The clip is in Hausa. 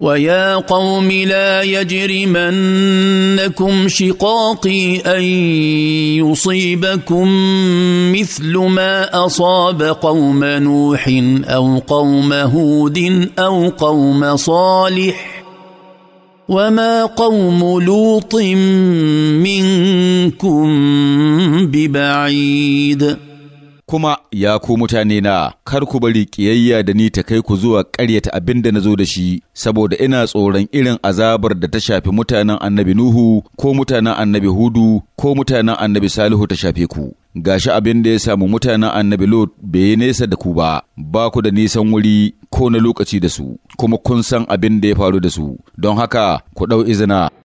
ويا قوم لا يجرمنكم شقاقي ان يصيبكم مثل ما اصاب قوم نوح او قوم هود او قوم صالح وما قوم لوط منكم ببعيد kuma ya ku mutane na kar ku bari ƙiyayya da ni ta kai ku zuwa ƙaryata abin da na zo da shi saboda ina tsoron irin azabar da ta shafi mutanen annabi Nuhu ko mutanen annabi Hudu ko mutanen annabi Salihu ta shafe ku gashi abin da ya samu mutanen annabi Lot bai nesa da ku ba, ba ku da nisan wuri ko na lokaci da su, kuma kun san abin da ya faru da su, don haka ku ɗau izina.